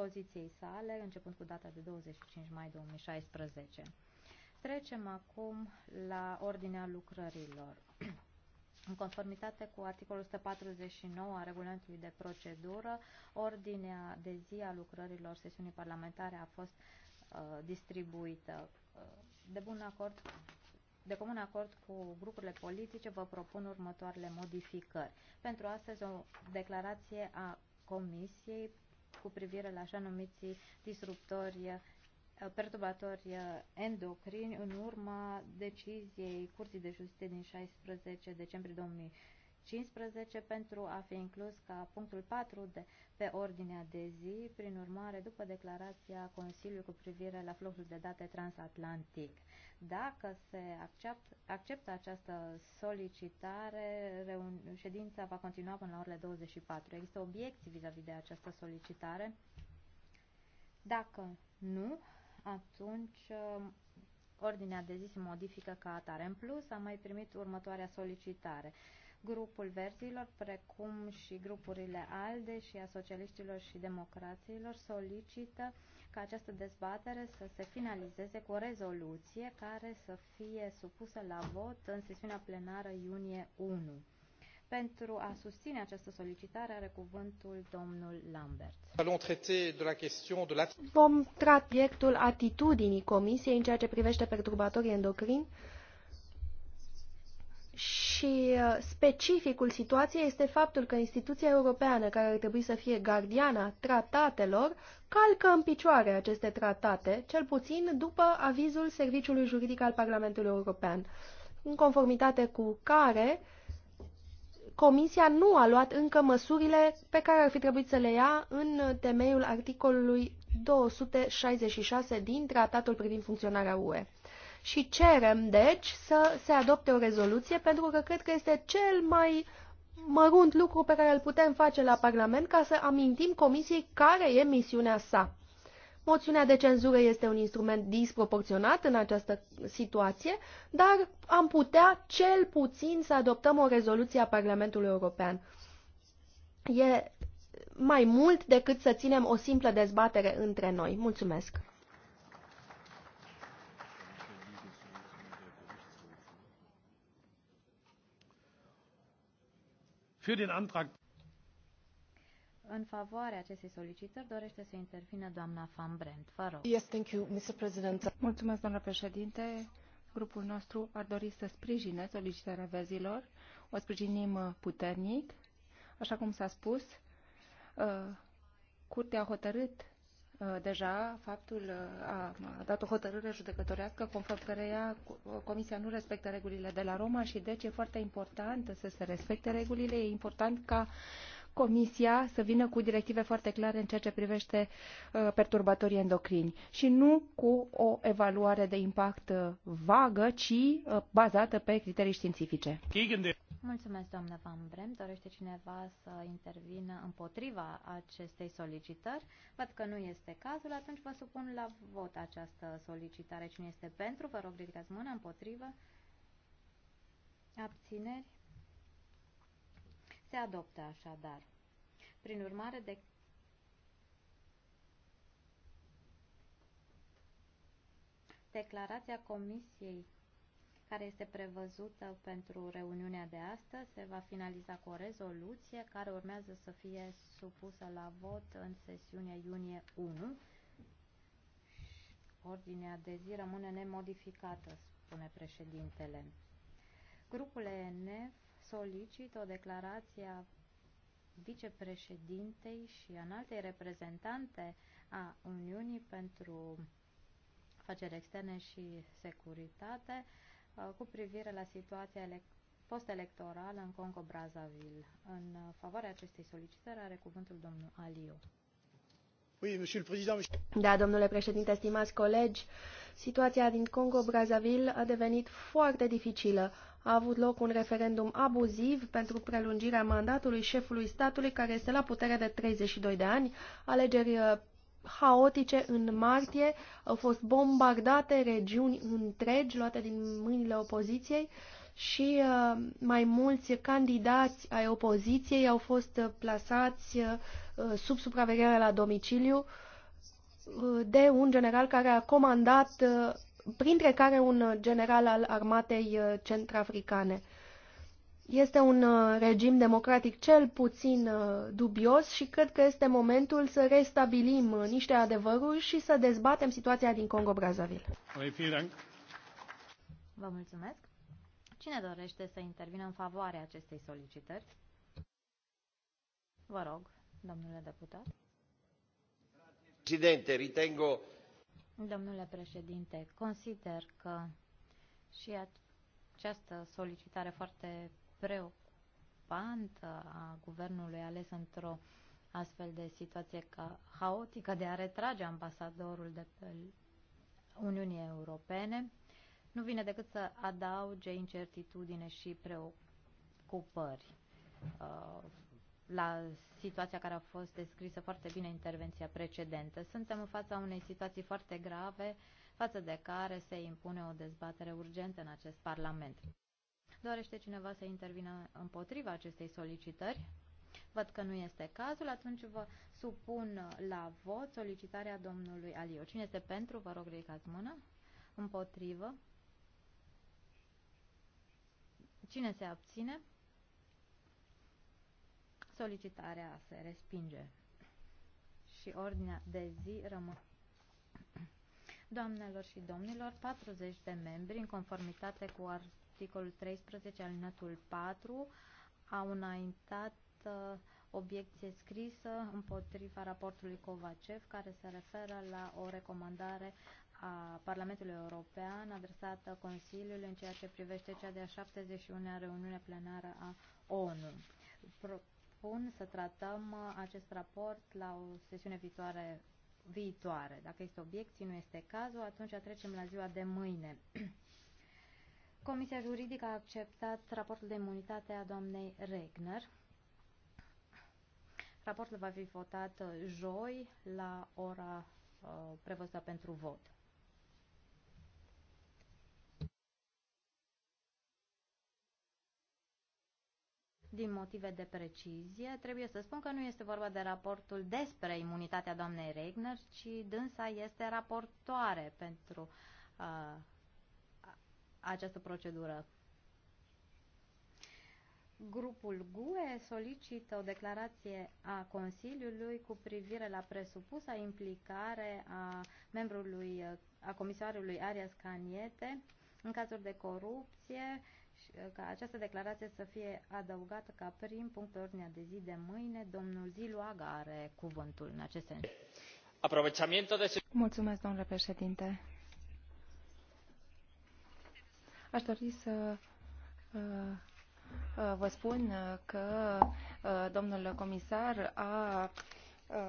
poziției sale, începând cu data de 25 mai 2016. Trecem acum la ordinea lucrărilor. În conformitate cu articolul 149 a regulamentului de procedură, ordinea de zi a lucrărilor sesiunii parlamentare a fost uh, distribuită. Uh, de bun acord, de comun acord cu grupurile politice, vă propun următoarele modificări. Pentru astăzi, o declarație a Comisiei cu privire la așa numiții disruptori eh, perturbatori eh, endocrini în urma deciziei Curții de Justiție din 16 decembrie 2000 15 pentru a fi inclus ca punctul 4 de, pe ordinea de zi, prin urmare, după declarația Consiliului cu privire la fluxul de date transatlantic. Dacă se accept, acceptă această solicitare, reun, ședința va continua până la orele 24. Există obiecții vis-a-vis de această solicitare? Dacă nu, atunci um, ordinea de zi se modifică ca atare. În plus, am mai primit următoarea solicitare grupul verzilor, precum și grupurile ALDE și a socialiștilor și democraților, solicită ca această dezbatere să se finalizeze cu o rezoluție care să fie supusă la vot în sesiunea plenară iunie 1. Pentru a susține această solicitare are cuvântul domnul Lambert. Vom trata subiectul atitudinii Comisiei în ceea ce privește perturbatorii endocrini și uh, specificul situației este faptul că instituția europeană, care ar trebui să fie gardiana tratatelor, calcă în picioare aceste tratate, cel puțin după avizul Serviciului Juridic al Parlamentului European, în conformitate cu care Comisia nu a luat încă măsurile pe care ar fi trebuit să le ia în temeiul articolului 266 din Tratatul privind funcționarea UE și cerem, deci, să se adopte o rezoluție pentru că cred că este cel mai mărunt lucru pe care îl putem face la Parlament ca să amintim Comisiei care e misiunea sa. Moțiunea de cenzură este un instrument disproporționat în această situație, dar am putea cel puțin să adoptăm o rezoluție a Parlamentului European. E mai mult decât să ținem o simplă dezbatere între noi. Mulțumesc! Für den Antrag. În favoarea acestei solicitări dorește să intervină doamna Van Brent. Vă rog. Yes, thank you, Mr. President. Mulțumesc, doamnă președinte. Grupul nostru ar dori să sprijine solicitarea verzilor. O sprijinim uh, puternic. Așa cum s-a spus, uh, Curtea a hotărât Uh, deja faptul uh, a dat o hotărâre judecătorească conform căreia uh, Comisia nu respectă regulile de la Roma și deci e foarte important să se respecte regulile. E important ca uh, Comisia să vină cu directive foarte clare în ceea ce privește uh, perturbatorii endocrini și nu cu o evaluare de impact uh, vagă, ci uh, bazată pe criterii științifice. Mulțumesc, doamnă Van Brem. Dorește cineva să intervină împotriva acestei solicitări? Văd că nu este cazul, atunci vă supun la vot această solicitare. Cine este pentru, vă rog ridicați mâna împotrivă. Abțineri? se adoptă așadar. Prin urmare, de declarația Comisiei care este prevăzută pentru reuniunea de astăzi se va finaliza cu o rezoluție care urmează să fie supusă la vot în sesiunea iunie 1. Ordinea de zi rămâne nemodificată, spune președintele. Grupul ENF solicit o declarație a vicepreședintei și înaltei reprezentante a Uniunii pentru afaceri externe și securitate uh, cu privire la situația postelectorală în Congo-Brazzaville. În favoarea acestei solicitări are cuvântul domnul Aliu. Da, domnule președinte, stimați colegi, situația din Congo-Brazzaville a devenit foarte dificilă a avut loc un referendum abuziv pentru prelungirea mandatului șefului statului care este la putere de 32 de ani, alegeri uh, haotice în martie, au fost bombardate regiuni întregi luate din mâinile opoziției și uh, mai mulți candidați ai opoziției au fost uh, plasați sub supraveghere la domiciliu de un general care a comandat printre care un general al armatei uh, centrafricane. Este un uh, regim democratic cel puțin uh, dubios și cred că este momentul să restabilim niște adevăruri și să dezbatem situația din Congo-Brazzaville. Vă mulțumesc. Cine dorește să intervină în favoarea acestei solicitări? Vă rog, domnule deputat. Presidente, ritengo Domnule președinte, consider că și această solicitare foarte preocupantă a guvernului ales într-o astfel de situație ca haotică de a retrage ambasadorul de pe Uniunii Europene nu vine decât să adauge incertitudine și preocupări uh, la situația care a fost descrisă foarte bine intervenția precedentă. Suntem în fața unei situații foarte grave, față de care se impune o dezbatere urgentă în acest Parlament. Dorește cineva să intervină împotriva acestei solicitări? Văd că nu este cazul, atunci vă supun la vot solicitarea domnului Aliu. Cine este pentru, vă rog, ridicați mâna. Împotrivă. Cine se abține? Solicitarea se respinge și ordinea de zi rămâne. Doamnelor și domnilor, 40 de membri, în conformitate cu articolul 13 alinatul 4, au înaintat uh, obiecție scrisă împotriva raportului Covacev, care se referă la o recomandare a Parlamentului European adresată Consiliului în ceea ce privește cea de-a 71-a reuniune plenară a ONU. Pro propun să tratăm uh, acest raport la o sesiune viitoare, viitoare. Dacă este obiecții, nu este cazul, atunci trecem la ziua de mâine. Comisia juridică a acceptat raportul de imunitate a doamnei Regner. Raportul va fi votat uh, joi la ora uh, prevăzută pentru vot. Din motive de precizie, trebuie să spun că nu este vorba de raportul despre imunitatea doamnei Regner, ci dânsa este raportoare pentru uh, această procedură. Grupul GUE solicită o declarație a Consiliului cu privire la presupusa implicare a membrului, a comisarului Arias Caniete în cazuri de corupție ca această declarație să fie adăugată ca prim punct pe ordinea de zi de mâine. Domnul Zilu Aga are cuvântul în acest sens. Mulțumesc, domnule președinte. Aș dori să uh, uh, vă spun că uh, domnul comisar a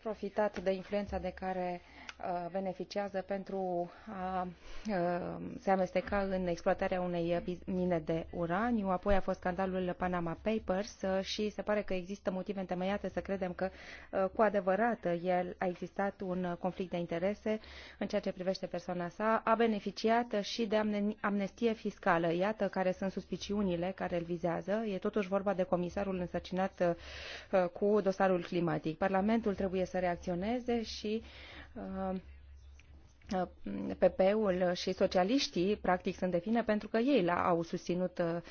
profitat de influența de care Uh, beneficiază pentru a uh, se amesteca în exploatarea unei mine de uraniu, apoi a fost scandalul Panama Papers uh, și se pare că există motive întemeiate să credem că cu adevărat el a existat un conflict de interese în ceea ce privește persoana sa, a beneficiat și de amnestie fiscală. Iată care sunt suspiciunile care îl vizează. E totuși vorba de comisarul însărcinat cu dosarul climatic. Parlamentul trebuie să reacționeze și uh, Uh, uh, PP-ul și socialiștii practic sunt de vină pentru că ei la au susținut uh,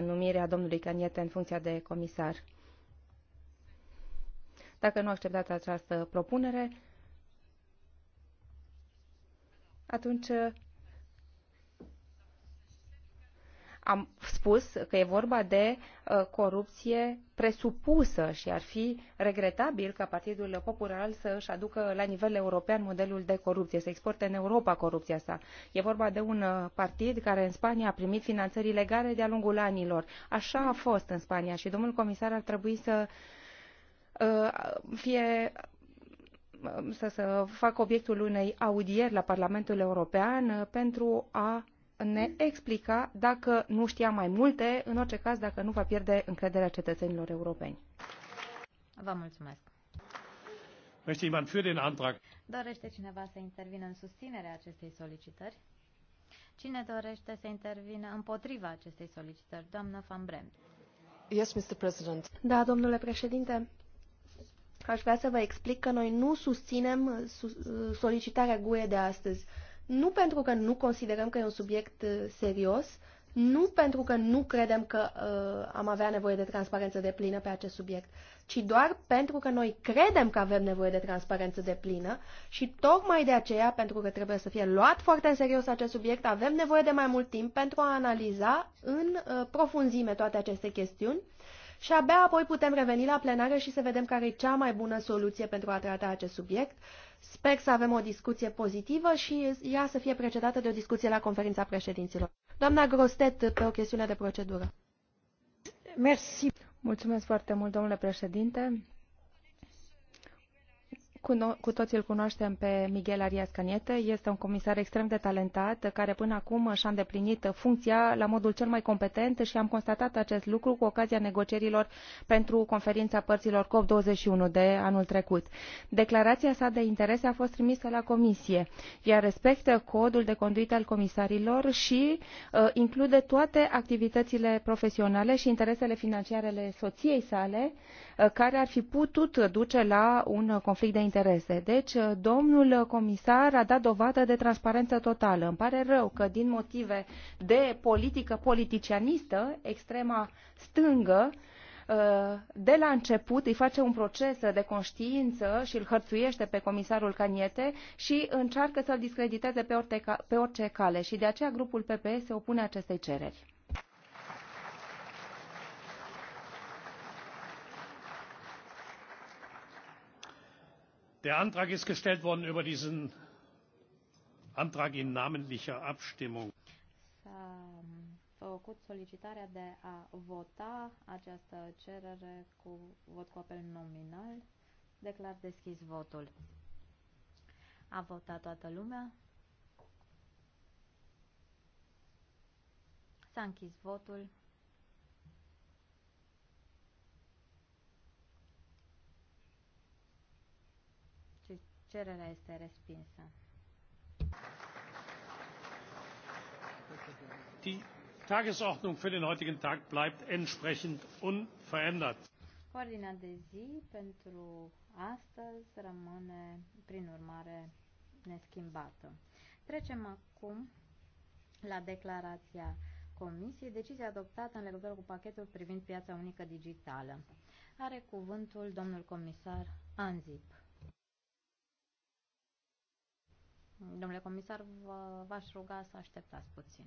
numirea domnului Caniete în funcția de comisar. Dacă nu acceptați această propunere, atunci am spus că e vorba de uh, corupție presupusă și ar fi regretabil ca Partidul Popular să își aducă la nivel european modelul de corupție, să exporte în Europa corupția sa. E vorba de un uh, partid care în Spania a primit finanțări ilegale de-a lungul anilor. Așa a fost în Spania și domnul comisar ar trebui să uh, fie să, să facă obiectul unei audieri la Parlamentul European pentru a ne explica dacă nu știa mai multe, în orice caz dacă nu va pierde încrederea cetățenilor europeni. Vă mulțumesc. Dorește cineva să intervină în susținerea acestei solicitări? Cine dorește să intervină împotriva acestei solicitări? Doamna Van Brem. Yes, Mr. President. Da, domnule președinte. Aș vrea să vă explic că noi nu susținem solicitarea GUE de astăzi nu pentru că nu considerăm că e un subiect uh, serios, nu pentru că nu credem că uh, am avea nevoie de transparență de plină pe acest subiect, ci doar pentru că noi credem că avem nevoie de transparență de plină și tocmai de aceea, pentru că trebuie să fie luat foarte în serios acest subiect, avem nevoie de mai mult timp pentru a analiza în uh, profunzime toate aceste chestiuni și abia apoi putem reveni la plenară și să vedem care e cea mai bună soluție pentru a trata acest subiect Sper să avem o discuție pozitivă și ea să fie precedată de o discuție la conferința președinților. Doamna Grostet, pe o chestiune de procedură. Mersi. Mulțumesc foarte mult, domnule președinte. Cu, cu toții îl cunoaștem pe Miguel Arias Caniete. Este un comisar extrem de talentat care până acum și-a îndeplinit funcția la modul cel mai competent și am constatat acest lucru cu ocazia negocierilor pentru conferința părților COP21 de anul trecut. Declarația sa de interese a fost trimisă la comisie. Ea respectă codul de conduită al comisarilor și uh, include toate activitățile profesionale și interesele financiare ale soției sale, uh, care ar fi putut duce la un conflict de interese interese. Deci, uh, domnul comisar a dat dovadă de transparență totală. Îmi pare rău că din motive de politică politicianistă, extrema stângă, uh, de la început îi face un proces de conștiință și îl hărțuiește pe comisarul Caniete și încearcă să-l discrediteze pe orice, cale. Și de aceea grupul PPS se opune acestei cereri. der antrag ist gestellt worden über diesen antrag in namentlicher abstimmung. S-a făcut solicitarea de a vota această cerere cu vot cu apel nominal. Declar deschis votul. A votat toată lumea. S-a închis votul. Cererea este respinsă. Die Tagesordnung für den heutigen Tag bleibt entsprechend unverändert. Ordinea de zi pentru astăzi rămâne, prin urmare, neschimbată. Trecem acum la declarația Comisiei, decizia adoptată în legătură cu pachetul privind piața unică digitală. Are cuvântul domnul comisar Anzip. Domnule comisar, v-aș ruga să așteptați puțin.